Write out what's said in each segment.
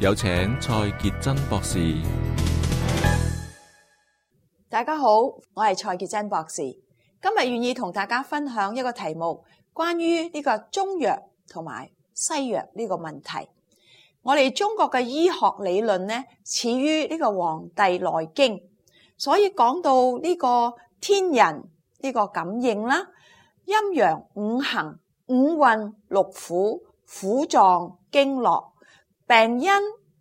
有請蔡潔真博士。大家好，我係蔡潔真博士。今日願意同大家分享一個題目，關於呢個中藥同埋西藥呢個問題。我哋中國嘅醫學理論呢，始於呢個《黃帝內經》，所以講到呢個天人呢個感應啦、陰陽五行、五運六腑、腑臟經絡。病因、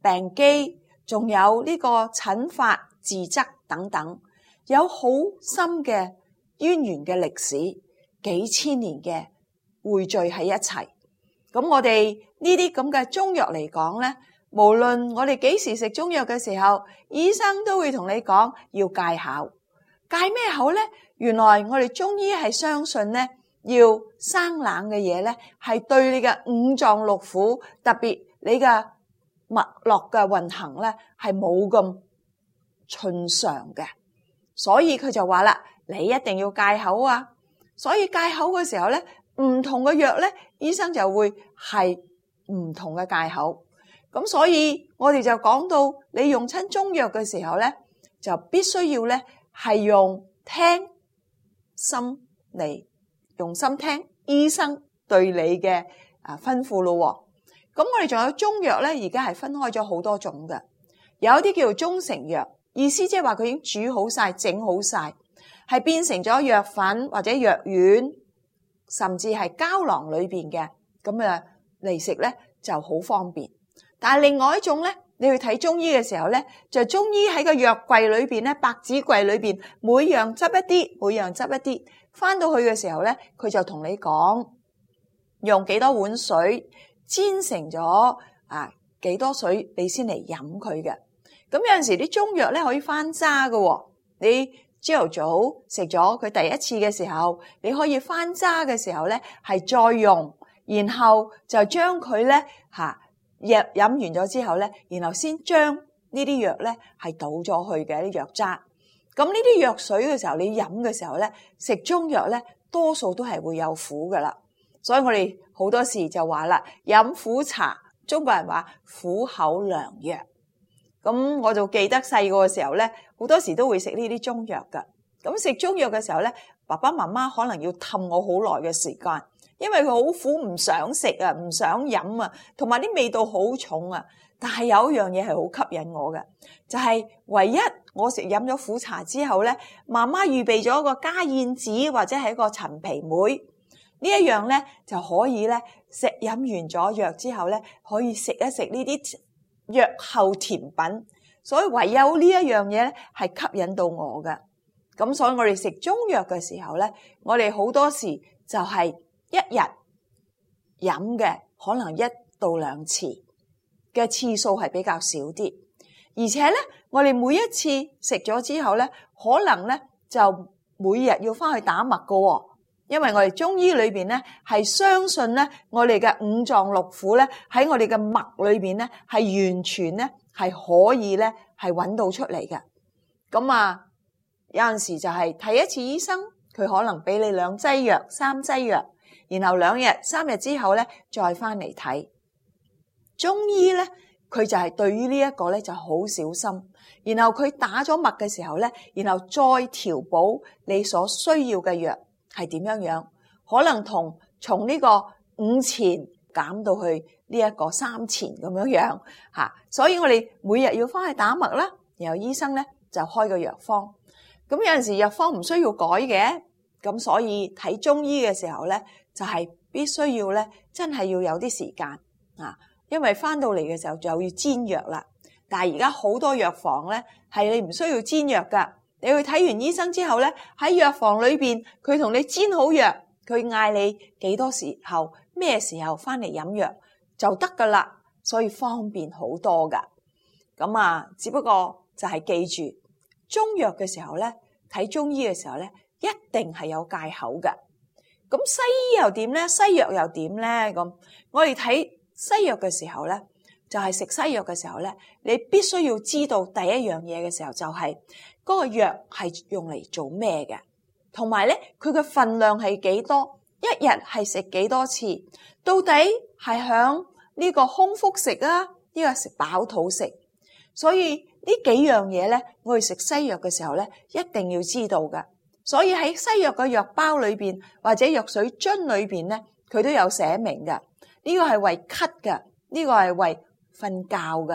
病機，仲有呢個診法治則等等，有好深嘅淵源嘅歷史，幾千年嘅匯聚喺一齊。咁我哋呢啲咁嘅中藥嚟講呢，無論我哋幾時食中藥嘅時候，醫生都會同你講要戒口，戒咩口呢？原來我哋中醫係相信呢，要生冷嘅嘢呢，係對你嘅五臟六腑，特別你嘅。脈絡嘅運行咧，係冇咁順暢嘅，所以佢就話啦：你一定要戒口啊！所以戒口嘅時候咧，唔同嘅藥咧，醫生就會係唔同嘅戒口。咁所以我哋就講到，你用親中藥嘅時候咧，就必須要咧係用聽心嚟，用心聽醫生對你嘅啊吩咐咯。咁我哋仲有中藥咧，而家係分開咗好多種嘅，有啲叫做中成藥，意思即係話佢已經煮好晒、整好晒，係變成咗藥粉或者藥丸，甚至係膠囊裏邊嘅，咁啊嚟食咧就好方便。但係另外一種咧，你去睇中醫嘅時候咧，就是、中醫喺個藥櫃裏邊咧，百子櫃裏邊，每樣執一啲，每樣執一啲，翻到去嘅時候咧，佢就同你講用幾多碗水。煎成咗啊幾多水你，你先嚟飲佢嘅。咁有陣時啲中藥咧可以翻渣㗎喎。你朝頭早食咗佢第一次嘅時候，你可以翻渣嘅時候咧，係再用，然後就將佢咧嚇藥飲完咗之後咧，然後先將呢啲藥咧係倒咗去嘅啲藥渣。咁呢啲藥水嘅時候，你飲嘅時候咧，食中藥咧多數都係會有苦㗎啦。所以我哋好多時就話啦，飲苦茶，中國人話苦口良藥。咁我就記得細個嘅時候咧，好多時都會食呢啲中藥嘅。咁食中藥嘅時候咧，爸爸媽媽可能要氹我好耐嘅時間，因為佢好苦，唔想食啊，唔想飲啊，同埋啲味道好重啊。但係有一樣嘢係好吸引我嘅，就係、是、唯一我食飲咗苦茶之後咧，媽媽預備咗一個嘉應子或者係一個陳皮梅。呢一樣咧，就可以咧食飲完咗藥之後咧，可以食一食呢啲藥後甜品。所以唯有呢一樣嘢咧，係吸引到我嘅。咁所以我哋食中藥嘅時候咧，我哋好多時就係一日飲嘅，可能一到兩次嘅次數係比較少啲。而且咧，我哋每一次食咗之後咧，可能咧就每日要返去打脈㗎喎。因為我哋中醫裏邊咧，係相信咧，我哋嘅五臟六腑咧，喺我哋嘅脈裏邊咧，係完全咧係可以咧係揾到出嚟嘅。咁啊，有陣時就係睇一次醫生，佢可能俾你兩劑藥、三劑藥，然後兩日、三日之後咧再翻嚟睇。中醫咧，佢就係對於呢一個咧就好小心，然後佢打咗脈嘅時候咧，然後再調補你所需要嘅藥。係點樣樣？可能同從呢個五錢減到去呢一個三錢咁樣樣吓、啊，所以我哋每日要翻去打脈啦，然後醫生咧，就開個藥方。咁有陣時藥方唔需要改嘅，咁所以睇中醫嘅時候咧，就係、是、必須要咧，真係要有啲時間啊，因為翻到嚟嘅時候就要煎藥啦。但係而家好多藥房咧，係你唔需要煎藥噶。你去睇完醫生之後咧，喺藥房裏邊佢同你煎好藥，佢嗌你幾多時候咩時候翻嚟飲藥就得噶啦，所以方便好多噶。咁啊，只不過就係記住中藥嘅時候咧，睇中醫嘅時候咧，一定係有戒口噶。咁西醫又點咧？西藥又點咧？咁我哋睇西藥嘅時候咧，就係、是、食西藥嘅時候咧，你必須要知道第一樣嘢嘅時候就係、是。嗰個藥係用嚟做咩嘅？同埋咧，佢嘅份量係幾多？一日係食幾多次？到底係響呢個空腹食啊？呢個係食飽肚食？所以呢幾樣嘢咧，我哋食西藥嘅時候咧，一定要知道㗎。所以喺西藥嘅藥包裏邊或者藥水樽裏邊咧，佢都有寫明㗎。呢個係為咳㗎，呢個係為瞓覺㗎，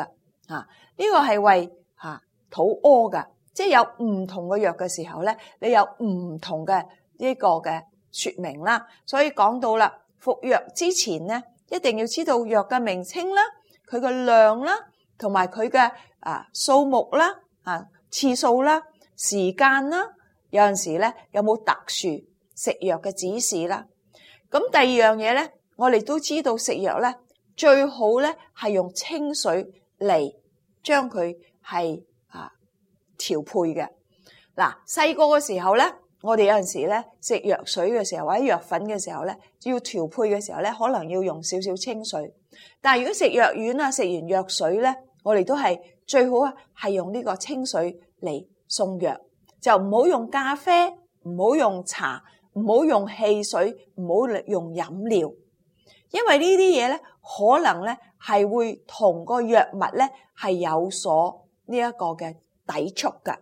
啊，呢個係為嚇肚屙㗎。即係有唔同嘅藥嘅時候咧，你有唔同嘅呢個嘅說明啦。所以講到啦，服藥之前咧，一定要知道藥嘅名稱啦，佢嘅量啦，同埋佢嘅，啊數目啦，啊次數啦，時間啦，有陣時咧有冇特殊食藥嘅指示啦。咁第二樣嘢咧，我哋都知道食藥咧最好咧係用清水嚟將佢係調配嘅嗱，細個嘅時候咧，我哋有陣時咧食藥水嘅時候，或者藥粉嘅時候咧，要調配嘅時候咧，可能要用少少清水。但係如果食藥丸啊，食完藥水咧，我哋都係最好啊，係用呢個清水嚟送藥，就唔好用咖啡，唔好用茶，唔好用汽水，唔好用飲料，因為呢啲嘢咧，可能咧係會同個藥物咧係有所呢一個嘅。抵觸噶，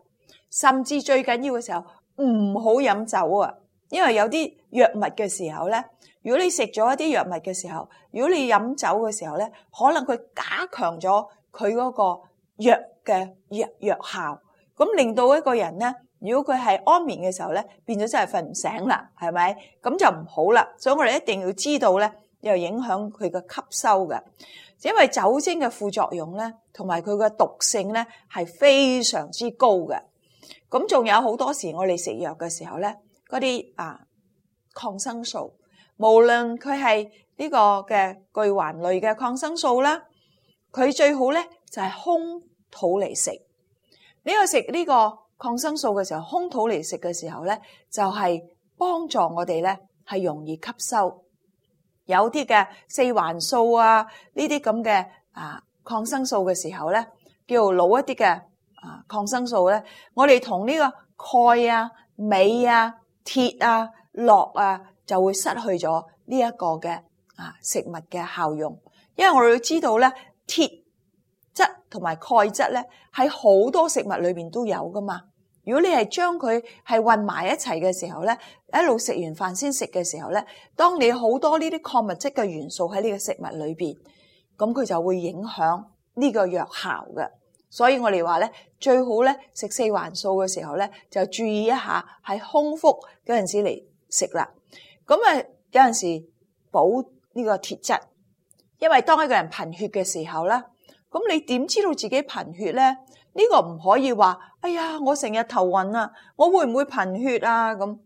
甚至最緊要嘅時候唔好飲酒啊！因為有啲藥物嘅時候咧，如果你食咗一啲藥物嘅時候，如果你飲酒嘅時候咧，可能佢加強咗佢嗰個藥嘅藥藥效，咁令到一個人咧，如果佢係安眠嘅時候咧，變咗真係瞓唔醒啦，係咪？咁就唔好啦，所以我哋一定要知道咧，又影響佢嘅吸收嘅。因為酒精嘅副作用呢，同埋佢嘅毒性呢，係非常之高嘅。咁，仲有好多時，我哋食藥嘅時候呢，嗰啲，啊，抗生素。無論佢係呢個嘅，巨環類嘅抗生素啦，佢最好呢，就係空肚嚟食。呢個食，呢個抗生素嘅時候，空肚嚟食嘅時候呢，就係，幫助我哋呢，係容易吸收。有啲嘅四環素啊，呢啲咁嘅啊抗生素嘅時候咧，叫老一啲嘅啊抗生素咧，我哋同呢個鈣啊、鎂啊、鐵啊、鉻啊,啊,啊，就會失去咗呢一個嘅啊食物嘅效用，因為我哋要知道咧，鐵質同埋鈣質咧喺好多食物裏邊都有噶嘛。如果你係將佢係混埋一齊嘅時候咧，一路食完飯先食嘅時候咧，當你好多呢啲礦物質嘅元素喺呢個食物裏邊，咁佢就會影響呢個藥效嘅。所以我哋話咧，最好咧食四環素嘅時候咧，就注意一下係空腹嗰陣時嚟食啦。咁啊，有陣時補呢個鐵質，因為當一個人貧血嘅時候咧，咁你點知道自己貧血咧？呢個唔可以話，哎呀，我成日頭暈啊，我會唔會貧血啊？咁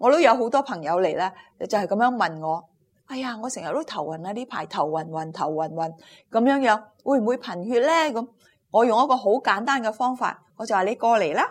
我都有好多朋友嚟咧，就係咁樣問我，哎呀，我成日都頭暈啊，呢排頭暈暈頭暈暈咁樣樣，會唔會貧血咧？咁我用一個好簡單嘅方法，我就話你過嚟啦，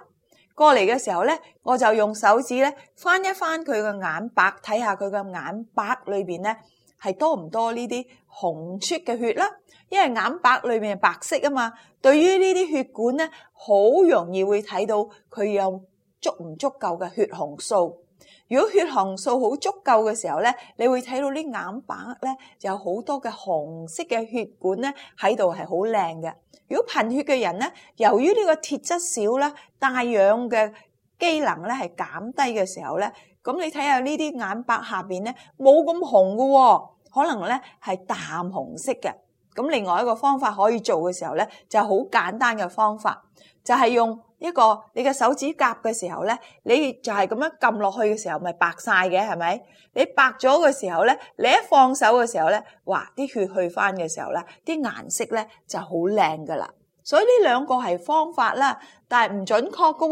過嚟嘅時候咧，我就用手指咧翻一翻佢嘅眼白，睇下佢嘅眼白裏邊咧係多唔多呢啲紅出嘅血啦，因為眼白裏邊係白色啊嘛。對於呢啲血管咧，好容易會睇到佢有足唔足夠嘅血紅素。如果血紅素好足夠嘅時候咧，你會睇到啲眼白咧有好多嘅紅色嘅血管咧喺度係好靚嘅。如果貧血嘅人咧，由於呢個鐵質少咧，帶氧嘅機能咧係減低嘅時候咧，咁你睇下呢啲眼白下邊下面咧冇咁紅㗎喎，可能咧係淡紅色嘅。咁另外一個方法可以做嘅時候咧，就好簡單嘅方法，就係用一個你嘅手指甲嘅時候咧，你就係咁樣撳落去嘅時候，咪白晒嘅係咪？你白咗嘅時候咧，你一放手嘅時候咧，哇！啲血去翻嘅時候咧，啲顏色咧就好靚噶啦。所以呢兩個係方法啦，但係唔準確㗎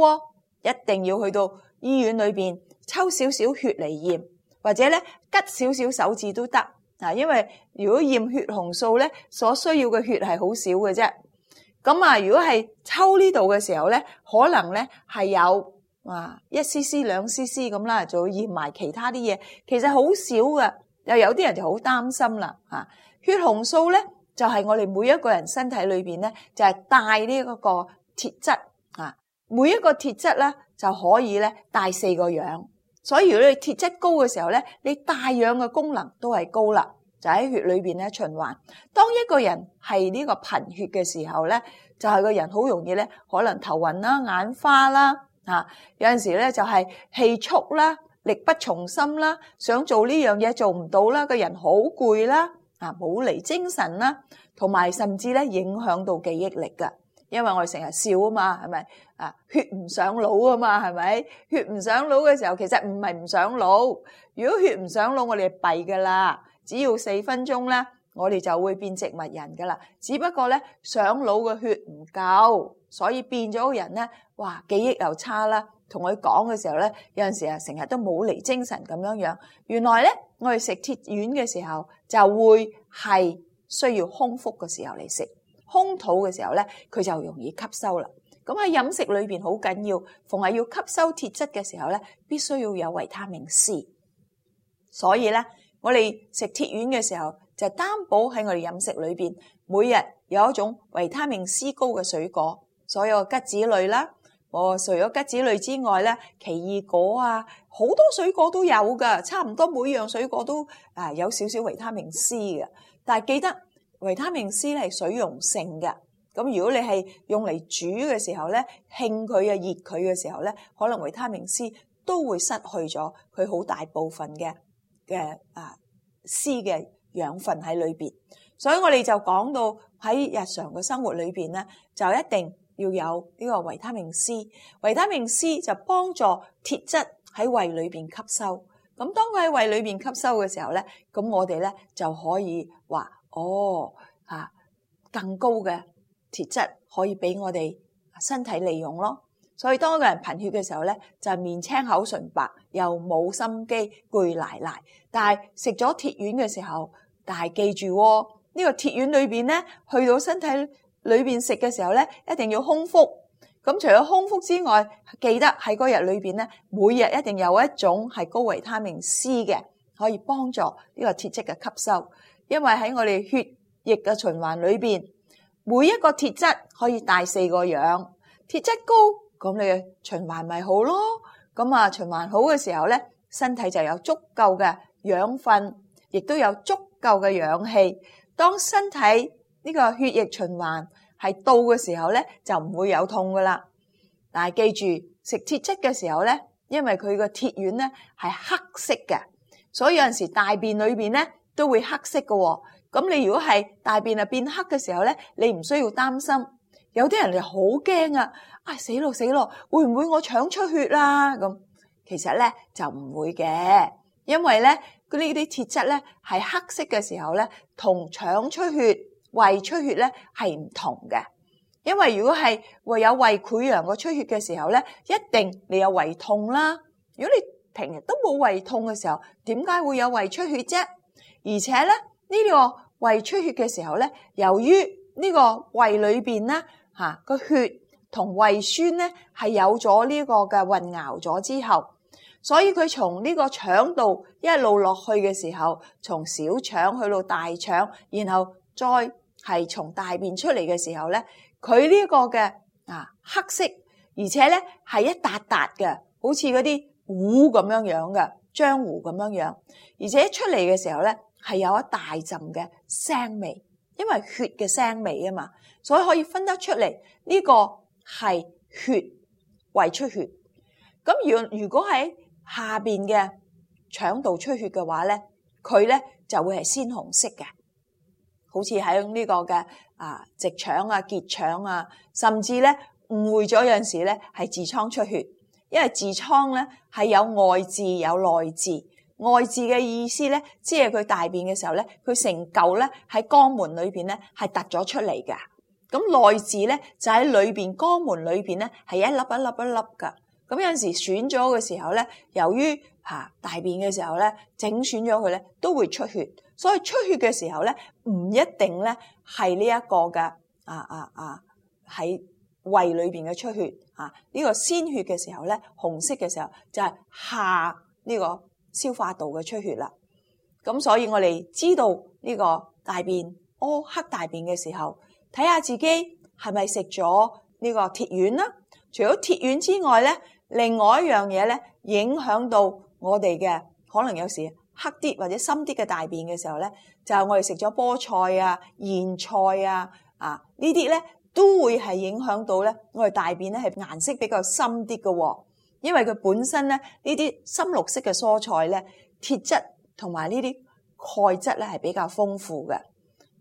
喎，一定要去到醫院裏面抽少少血嚟驗，或者咧拮少少手指都得。嗱，因為如果驗血紅素咧，所需要嘅血係好少嘅啫。咁啊，如果係抽呢度嘅時候咧，可能咧係有啊一絲絲兩絲絲咁啦，就會驗埋其他啲嘢，其實好少嘅。又有啲人就好擔心啦。啊，血紅素咧就係我哋每一個人身體裏邊咧就係帶呢一個鐵質啊，每一個鐵質咧就可以咧帶四個氧。所以如果你鐵質高嘅時候咧，你帶氧嘅功能都係高啦，就喺血裏邊咧循環。當一個人係呢個貧血嘅時候咧，就係個人好容易咧，可能頭暈啦、眼花啦，啊有陣時咧就係氣促啦、力不從心啦、想做呢樣嘢做唔到啦，個人好攰啦，啊冇嚟精神啦，同埋甚至咧影響到記憶力㗎。因為我哋成日笑啊嘛，係咪啊？血唔上腦啊嘛，係咪？血唔上腦嘅時候，其實唔係唔上腦。如果血唔上腦，我哋係弊噶啦。只要四分鐘咧，我哋就會變植物人噶啦。只不過咧，上腦嘅血唔夠，所以變咗個人咧，哇，記憶又差啦。同佢講嘅時候咧，有陣時啊，成日都冇嚟精神咁樣樣。原來咧，我哋食鐵丸嘅時候，就會係需要空腹嘅時候嚟食。空肚嘅時候咧，佢就容易吸收啦。咁喺飲食裏面好緊要，逢係要吸收鐵質嘅時候咧，必須要有維他命 C。所以咧，我哋食鐵丸嘅時候，就擔保喺我哋飲食裏面每日有一種維他命 C 高嘅水果，所有嘅桔子類啦，哦，除咗桔子類之外咧，奇異果啊，好多水果都有噶，差唔多每樣水果都啊有少少維他命 C 嘅。但係記得。維他命 C 咧係水溶性嘅，咁如果你係用嚟煮嘅時候咧，興佢啊，熱佢嘅時候咧，可能維他命 C 都會失去咗佢好大部分嘅嘅啊 C 嘅養分喺裏面。所以我哋就講到喺日常嘅生活裏面咧，就一定要有呢個維他命 C。維他命 C 就幫助鐵質喺胃裏面吸收，咁當佢喺胃裏面吸收嘅時候咧，咁我哋咧就可以話。哦，吓更高嘅鐵質可以俾我哋身體利用咯。所以當一個人貧血嘅時候咧，就面青口唇白，又冇心機，攰奶奶。但係食咗鐵丸嘅時候，但係記住、哦這個、鐵丸呢個鐵丸裏面咧，去到身體裏面食嘅時候咧，一定要空腹。咁除咗空腹之外，記得喺嗰日裏面咧，每日一定有一種係高維他命 C 嘅。可以幫助呢個鐵質嘅吸收，因為喺我哋血液嘅循環裏邊，每一個鐵質可以帶四個氧。鐵質高咁，你循環咪好咯。咁啊，循環好嘅時候咧，身體就有足夠嘅養分，亦都有足夠嘅氧氣。當身體呢個血液循環係到嘅時候咧，就唔會有痛㗎喇。但係記住，食鐵質嘅時候咧，因為佢個鐵丸咧係黑色嘅。所以有陣時大便裏面咧都會黑色嘅喎，哦，咁你如果係大便啊變黑嘅時候咧，你唔需要擔心。有啲人就好驚啊！啊、哎、死咯死咯，會唔會我腸出血啦？咁其實咧就唔會嘅，因為咧呢啲啲鐵質咧係黑色嘅時候咧，同腸出血、胃出血咧係唔同嘅。因為如果係會有胃潰瘍個出血嘅時候咧，一定你有胃痛啦。如果你平日都冇胃痛嘅時候，點解會有胃出血啫？而且咧呢個胃出血嘅時候咧，由於呢個胃裏邊咧吓個血同胃酸咧係有咗呢個嘅混淆咗之後，所以佢從呢個腸度一路落去嘅時候，從小腸去到大腸，然後再係從大便出嚟嘅時候咧，佢呢個嘅啊黑色，而且咧係一笪笪嘅，好似嗰啲。糊咁樣樣嘅，漿糊咁樣樣，而且出嚟嘅時候咧，係有一大陣嘅腥味，因為血嘅腥味啊嘛，所以可以分得出嚟呢個係血，胃出血。咁如如果喺下面嘅腸道出血嘅話咧，佢咧就會係鮮紅色嘅，好似喺呢個嘅啊直腸啊結腸啊，甚至咧誤會咗有陣時咧係痔瘡出血。因為痔瘡咧係有外痔有內痔，外痔嘅意思咧，即係佢大便嘅時候咧，佢成嚿咧喺肛門裏邊咧係突咗出嚟噶咁內痔咧就喺裏邊肛門裏邊咧係一粒一粒一粒噶咁有陣時損咗嘅時候咧，由於吓大便嘅時候咧，整損咗佢咧都會出血，所以出血嘅時候咧唔一定咧係呢一個噶啊啊啊，喺。胃裏邊嘅出血，啊，呢個鮮血嘅時候咧，紅色嘅時候就係下呢個消化道嘅出血啦。咁所以我哋知道呢個大便哦，黑大便嘅時候，睇下自己係咪食咗呢個鐵丸啦。除咗鐵丸之外咧，另外一樣嘢咧，影響到我哋嘅可能有時黑啲或者深啲嘅大便嘅時候咧，就係我哋食咗菠菜啊、莧菜啊、啊呢啲咧。都會係影響到咧，我哋大便咧係顏色比較深啲嘅，因為佢本身咧呢啲深綠色嘅蔬菜咧，鐵質同埋呢啲鈣質咧係比較豐富嘅。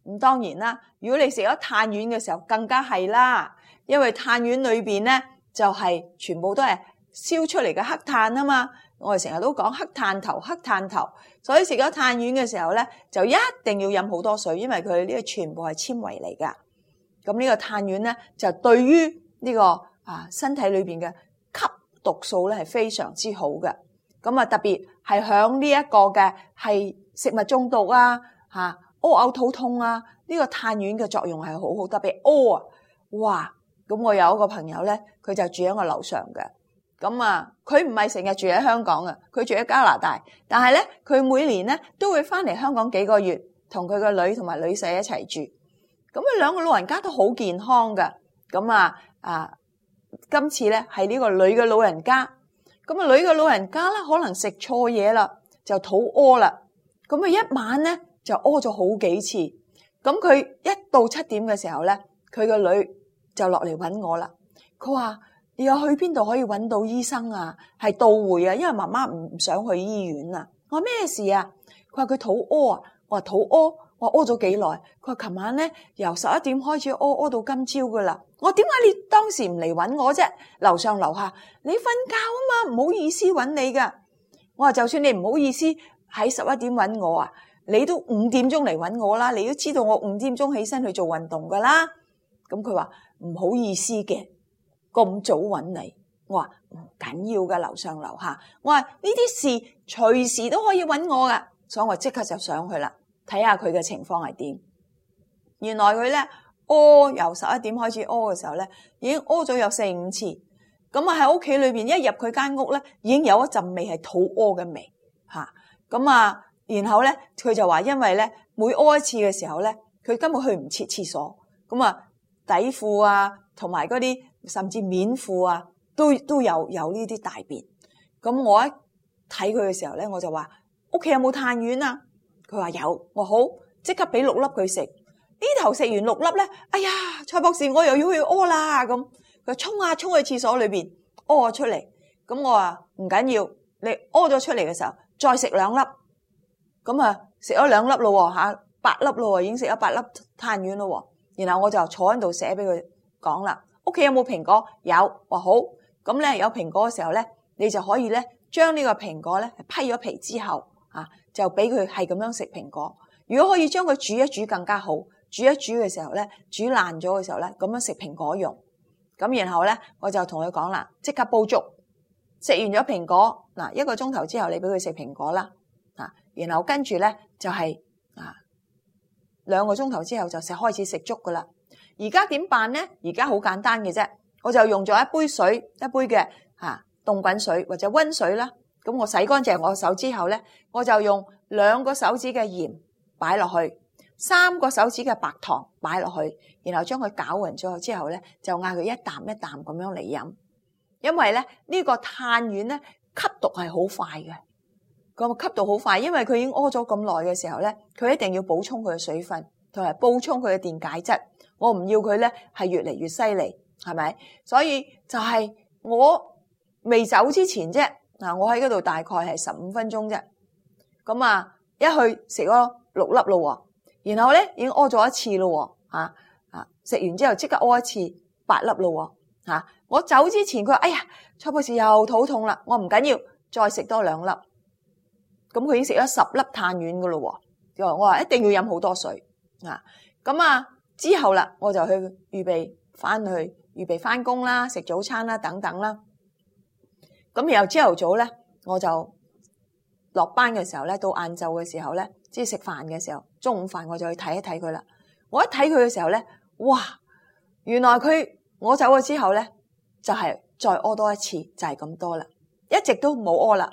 咁當然啦，如果你食咗碳丸嘅時候，更加係啦，因為碳丸裏邊咧就係、是、全部都係燒出嚟嘅黑炭啊嘛，我哋成日都講黑炭頭、黑炭頭，所以食咗碳丸嘅時候咧，就一定要飲好多水，因為佢呢個全部係纖維嚟噶。咁呢個炭丸咧，就對於呢個啊身體裏邊嘅吸毒素咧，係非常之好嘅。咁啊，特別係響呢一個嘅係食物中毒啊，吓屙嘔肚痛啊，呢個炭丸嘅作用係好好。特別屙啊，哇！咁我有一個朋友咧，佢就住喺我樓上嘅。咁啊，佢唔係成日住喺香港啊，佢住喺加拿大，但係咧，佢每年咧都會返嚟香港幾個月，同佢個女同埋女婿一齊住。咁啊，兩個老人家都好健康噶，咁啊，啊，今次咧係呢個女嘅老人家，咁啊，女嘅老人家咧可能食錯嘢啦，就肚屙啦，咁啊，一晚咧就屙咗好幾次，咁佢一到七點嘅時候咧，佢個女就落嚟揾我啦，佢話，你又去邊度可以揾到醫生啊？係到會啊？因為媽媽唔想去醫院啊。我話，咩事啊？佢話佢肚屙啊我。我話肚屙。我屙咗幾耐？佢話琴晚咧由十一點開始屙，屙到今朝噶啦。我點解你當時唔嚟搵我啫？樓上樓下你瞓覺啊嘛，唔好意思搵你噶。我話就算你唔好意思喺十一點搵我啊，你都五點鐘嚟搵我啦。你都知道我五點鐘起身去做運動噶啦。咁佢話唔好意思嘅，咁早搵你。我話唔緊要㗎，樓上樓下。我話呢啲事隨時都可以搵我噶，所以我即刻就上去啦。睇下佢嘅情況係點？原來佢咧屙由十一點開始屙嘅時候咧，已經屙咗有四五次。咁啊喺屋企裏面，一入佢間屋咧，已經有一陣味係肚屙嘅味嚇。咁啊，然後咧佢就話因為咧每屙一次嘅時候咧，佢根本去唔切廁所。咁啊底褲啊同埋嗰啲甚至面褲啊都都有有呢啲大便。咁我一睇佢嘅時候咧，我就話屋企有冇炭丸啊？佢話有，我好即刻俾六粒佢食。呢頭食完六粒咧，哎呀，蔡博士，我又要去屙啦。咁佢沖啊沖去廁所裏邊屙出嚟。咁我話唔緊要，你屙咗出嚟嘅時候再食兩粒。咁啊食咗兩粒咯吓，八粒咯，已經食咗八粒炭丸咯。然後我就坐喺度寫俾佢講啦。屋企有冇蘋果？有，話好。咁咧有蘋果嘅時候咧，你就可以咧將呢個蘋果咧批咗皮之後就俾佢係咁樣食蘋果，如果可以將佢煮一煮更加好，煮一煮嘅時候咧，煮爛咗嘅時候咧，咁樣食蘋果用，咁然後咧，我就同佢講啦，即刻煲粥，食完咗蘋果，嗱一個鐘頭之後你俾佢食蘋果啦，啊，然後跟住咧就係啊兩個鐘頭之後就食開始食粥噶啦，而家點辦呢？而家好簡單嘅啫，我就用咗一杯水，一杯嘅啊凍滾水或者溫水啦。咁我洗乾淨我手之後咧，我就用兩個手指嘅鹽擺落去，三個手指嘅白糖擺落去，然後將佢攪勻咗之後咧，就嗌佢一啖一啖咁樣嚟飲。因為咧呢個碳丸咧吸毒係好快嘅，咁吸毒好快，因為佢已經屙咗咁耐嘅時候咧，佢一定要補充佢嘅水分同埋補充佢嘅電解質。我唔要佢咧係越嚟越犀利，係咪？所以就係我未走之前啫。嗱，我喺嗰度大概係十五分鐘啫，咁啊，一去食咗六粒咯，然後咧已經屙咗一次咯，吓，食完之後即刻屙一次八粒咯，吓，我走之前佢話，哎呀，蔡博士又肚痛啦，我唔緊要，再食多兩粒，咁佢已經食咗十粒碳丸噶啦，我話一定要飲好多水，嗱，咁啊之後啦，我就去預備翻去，預備翻工啦，食早餐啦，等等啦。咁然後朝頭早咧，我就落班嘅時候咧，到晏晝嘅時候咧，即係食飯嘅時候，中午飯我就去睇一睇佢啦。我一睇佢嘅時候咧，哇！原來佢我走咗之後咧，就係再屙多一次，就係咁多啦，一直都冇屙啦。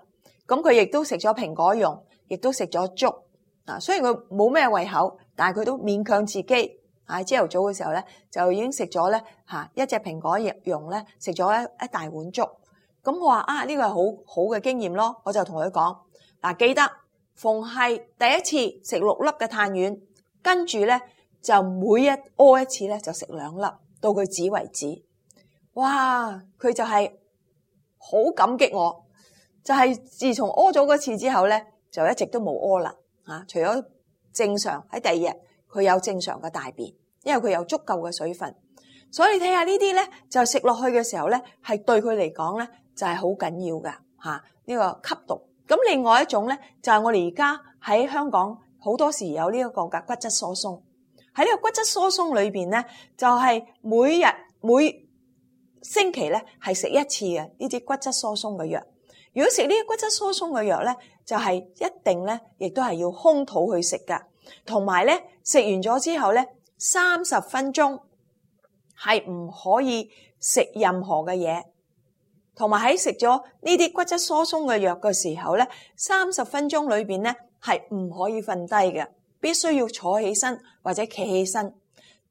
咁佢亦都食咗蘋果蓉，亦都食咗粥啊。雖然佢冇咩胃口，但係佢都勉強自己啊。朝頭早嘅時候咧，就已經食咗咧一隻蘋果蓉咧，食咗一一大碗粥。咁我話啊，呢、這個係好好嘅經驗咯，我就同佢講嗱，記得逢係第一次食六粒嘅炭丸，跟住咧就每一屙一次咧就食兩粒，到佢止為止。哇，佢就係好感激我，就係、是、自從屙咗嗰次之後咧，就一直都冇屙啦，除咗正常喺第二日佢有正常嘅大便，因為佢有足夠嘅水分，所以你睇下呢啲咧就食落去嘅時候咧係對佢嚟講咧。就係好緊要噶吓，呢個吸毒，咁另外一種咧就係我哋而家喺香港好多時有呢一個嘅骨質疏鬆。喺呢個骨質疏鬆裏邊咧，就係每日每星期咧係食一次嘅呢啲骨質疏鬆嘅藥。如果食呢啲骨質疏鬆嘅藥咧，就係一定咧亦都係要空肚去食噶，同埋咧食完咗之後咧三十分鐘係唔可以食任何嘅嘢。同埋喺食咗呢啲骨質疏鬆嘅藥嘅時候咧，三十分鐘裏面咧係唔可以瞓低嘅，必須要坐起身或者企起身，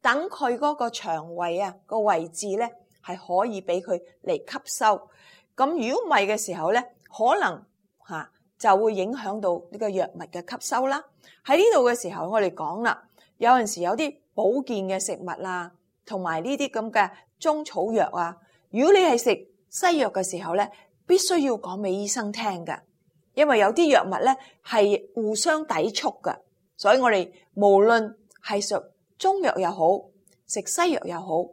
等佢嗰個腸胃啊、個位置咧係可以俾佢嚟吸收。咁如果唔係嘅時候咧，可能就會影響到呢個藥物嘅吸收啦。喺呢度嘅時候，我哋講啦，有陣時有啲保健嘅食物啦、啊，同埋呢啲咁嘅中草藥啊，如果你係食西藥嘅時候咧，必須要講俾醫生聽嘅，因為有啲藥物咧係互相抵觸嘅，所以我哋無論係食中藥又好，食西藥又好，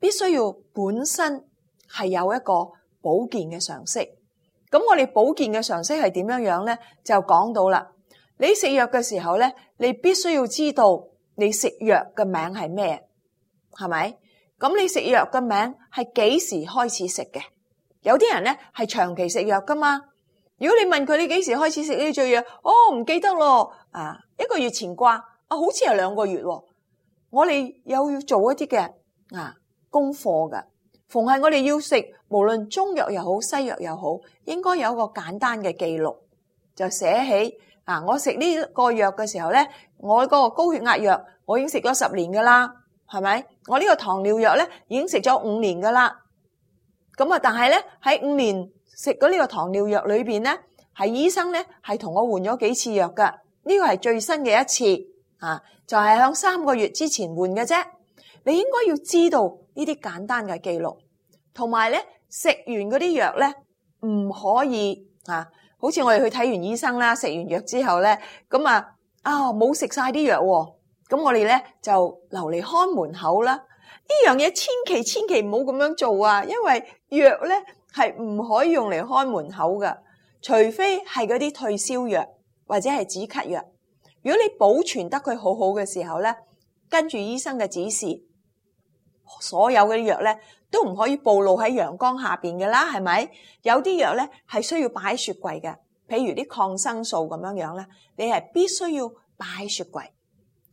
必須要本身係有一個保健嘅常識。咁我哋保健嘅常識係點樣樣咧？就講到啦。你食藥嘅時候咧，你必須要知道你食藥嘅名係咩，係咪？咁你食藥嘅名係幾時開始食嘅？有啲人咧係長期食藥噶嘛？如果你問佢你幾時開始食呢啲藥，哦，唔記得咯，啊，一個月前啩，啊，好似係兩個月，啊。我哋又要做一啲嘅啊功課㗎。逢係我哋要食，無論中藥又好，西藥又好，應該有個簡單嘅記錄，就寫起啊。我食呢個藥嘅時候咧，我個高血壓藥我已經食咗十年噶啦，係咪？我呢個糖尿藥咧已經食咗五年噶啦。咁啊！但係咧，喺五年食咗呢個糖尿藥裏邊咧，係醫生咧係同我換咗幾次藥㗎。呢個係最新嘅一次啊，就係響三個月之前換嘅啫。你應該要知道呢啲簡單嘅記錄，同埋咧食完嗰啲藥咧唔可以啊，好似我哋去睇完醫生啦，食完藥之後咧咁啊啊冇食晒啲藥，咁我哋咧就留嚟看門口啦。呢樣嘢千祈千祈唔好咁樣做啊，因為藥咧係唔可以用嚟開門口嘅，除非係嗰啲退燒藥或者係止咳藥。如果你保存得佢好好嘅時候咧，跟住醫生嘅指示，所有啲藥咧都唔可以暴露喺陽光下邊㗎啦，係咪？有啲藥咧係需要擺喺雪櫃嘅，譬如啲抗生素咁樣樣咧，你係必須要擺喺雪櫃。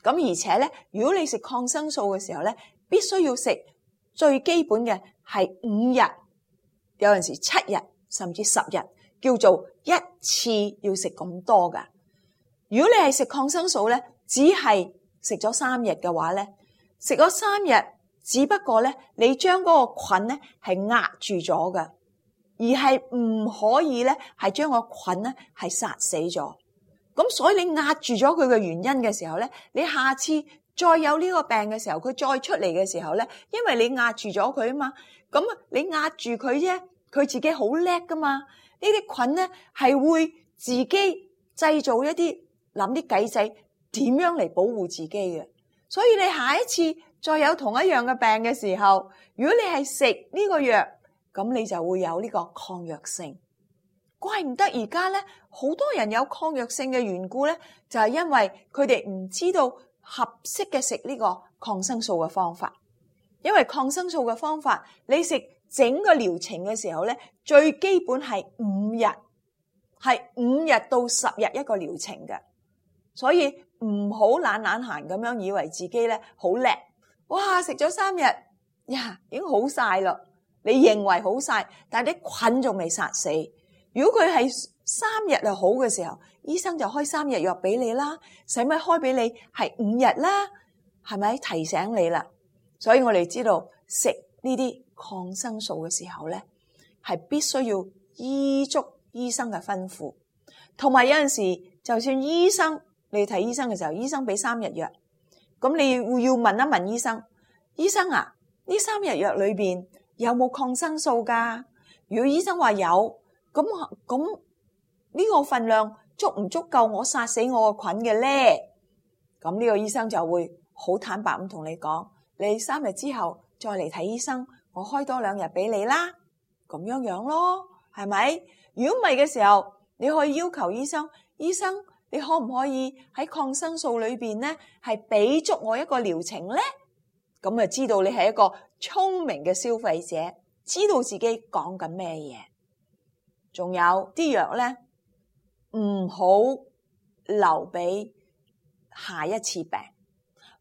咁而且咧，如果你食抗生素嘅時候咧，必須要食最基本嘅係五日。有陣時七日甚至十日，叫做一次要食咁多噶。如果你係食抗生素咧，只係食咗三日嘅話咧，食咗三日，只不過咧，你將嗰個菌咧係壓住咗噶，而係唔可以咧係將個菌咧係殺死咗。咁所以你壓住咗佢嘅原因嘅時候咧，你下次再有呢個病嘅時候，佢再出嚟嘅時候咧，因為你壓住咗佢啊嘛。咁你壓住佢啫，佢自己好叻㗎嘛。呢啲菌呢係會自己製造一啲諗啲計仔點樣嚟保護自己嘅。所以你下一次再有同一樣嘅病嘅時候，如果你係食呢個藥，咁你就會有呢個抗藥性。怪唔得而家呢，好多人有抗藥性嘅緣故呢，就係因為佢哋唔知道合適嘅食呢個抗生素嘅方法。因為抗生素嘅方法，你食整個療程嘅時候咧，最基本係五日，係五日到十日一個療程嘅，所以唔好懶懶閒咁樣，以為自己咧好叻，哇食咗三日呀，已經好晒咯，你認為好晒，但係啲菌仲未殺死。如果佢係三日就好嘅時候，醫生就開三日藥俾你啦，使乜開俾你係五日啦？係咪提醒你啦？所以我哋知道食呢啲抗生素嘅時候咧，係必須要依足醫生嘅吩咐。同埋有陣時，就算醫生你睇醫生嘅時候，醫生俾三日藥，咁你會要問一問醫生，醫生啊，呢三日藥裏邊有冇抗生素噶？如果醫生話有，咁咁呢個份量足唔足夠我殺死我個菌嘅咧？咁呢個醫生就會好坦白咁同你講。你三日之後再嚟睇醫生，我開多兩日俾你啦，咁樣樣咯，係咪？如果唔係嘅時候，你可以要求醫生，醫生你可唔可以喺抗生素裏邊咧，係俾足我一個療程咧？咁啊，知道你係一個聰明嘅消費者，知道自己講緊咩嘢。仲有啲藥咧，唔好留俾下一次病，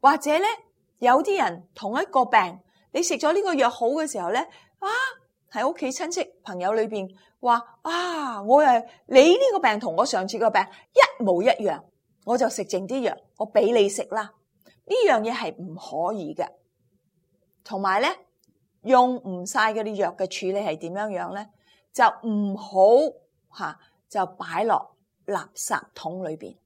或者咧，有啲人同一個病，你食咗呢個藥好嘅時候咧，啊喺屋企親戚朋友裏邊話啊，我又你呢個病同我上次個病一模一樣，我就食淨啲藥，我俾你食啦。呢樣嘢係唔可以嘅，同埋咧用唔晒嗰啲藥嘅處理係點樣樣咧？就唔好吓，就擺落垃圾桶裏邊。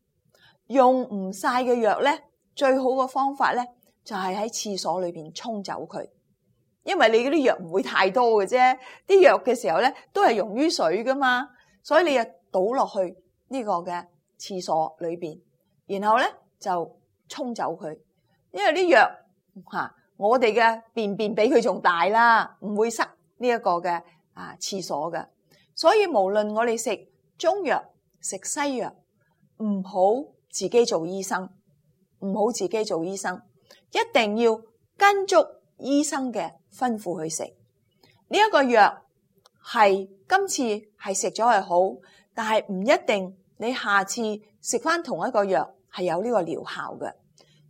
用唔晒嘅藥咧，最好嘅方法咧。就係喺廁所裏邊沖走佢，因為你嗰啲藥唔會太多嘅啫，啲藥嘅時候咧都係溶於水噶嘛，所以你就倒落去呢個嘅廁所裏邊，然後咧就沖走佢，因為啲藥吓我哋嘅便便比佢仲大啦，唔會塞呢一個嘅啊廁所嘅，所以無論我哋食中藥食西藥，唔好自己做醫生，唔好自己做醫生。一定要跟足醫生嘅吩咐去食呢一個藥係今次係食咗係好，但係唔一定你下次食翻同一個藥係有呢個療效嘅，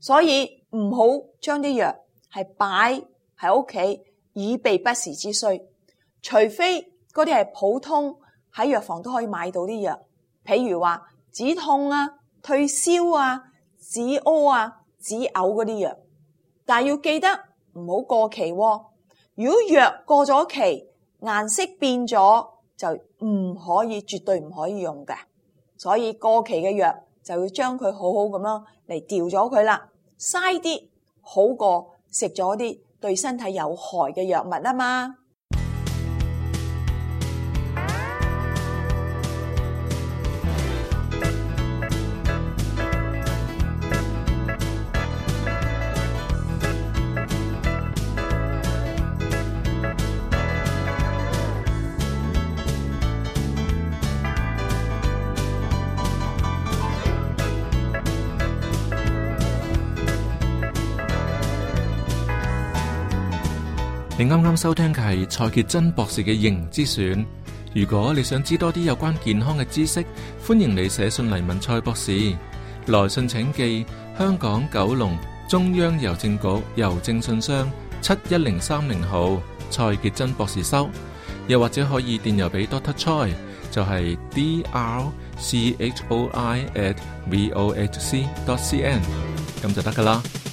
所以唔好將啲藥係擺喺屋企以備不時之需，除非嗰啲係普通喺藥房都可以買到啲藥，譬如話止痛啊、退燒啊、止屙啊。止嘔嗰啲藥，但係要記得唔好過期哦。如果藥過咗期，顏色變咗就唔可以，絕對唔可以用嘅。所以過期嘅藥就要將佢好好咁樣嚟掉咗佢啦，嘥啲好過食咗啲對身體有害嘅藥物啊嘛。啱啱收聽嘅係蔡潔貞博士嘅營之選。如果你想知多啲有關健康嘅知識，歡迎你寫信嚟問蔡博士。來信請寄香港九龍中央郵政局郵政信箱七一零三零號蔡潔貞博士收。又或者可以電郵俾 Doctor Choi，就係 D R C H O I at V O H C dot C N，咁就得㗎喇。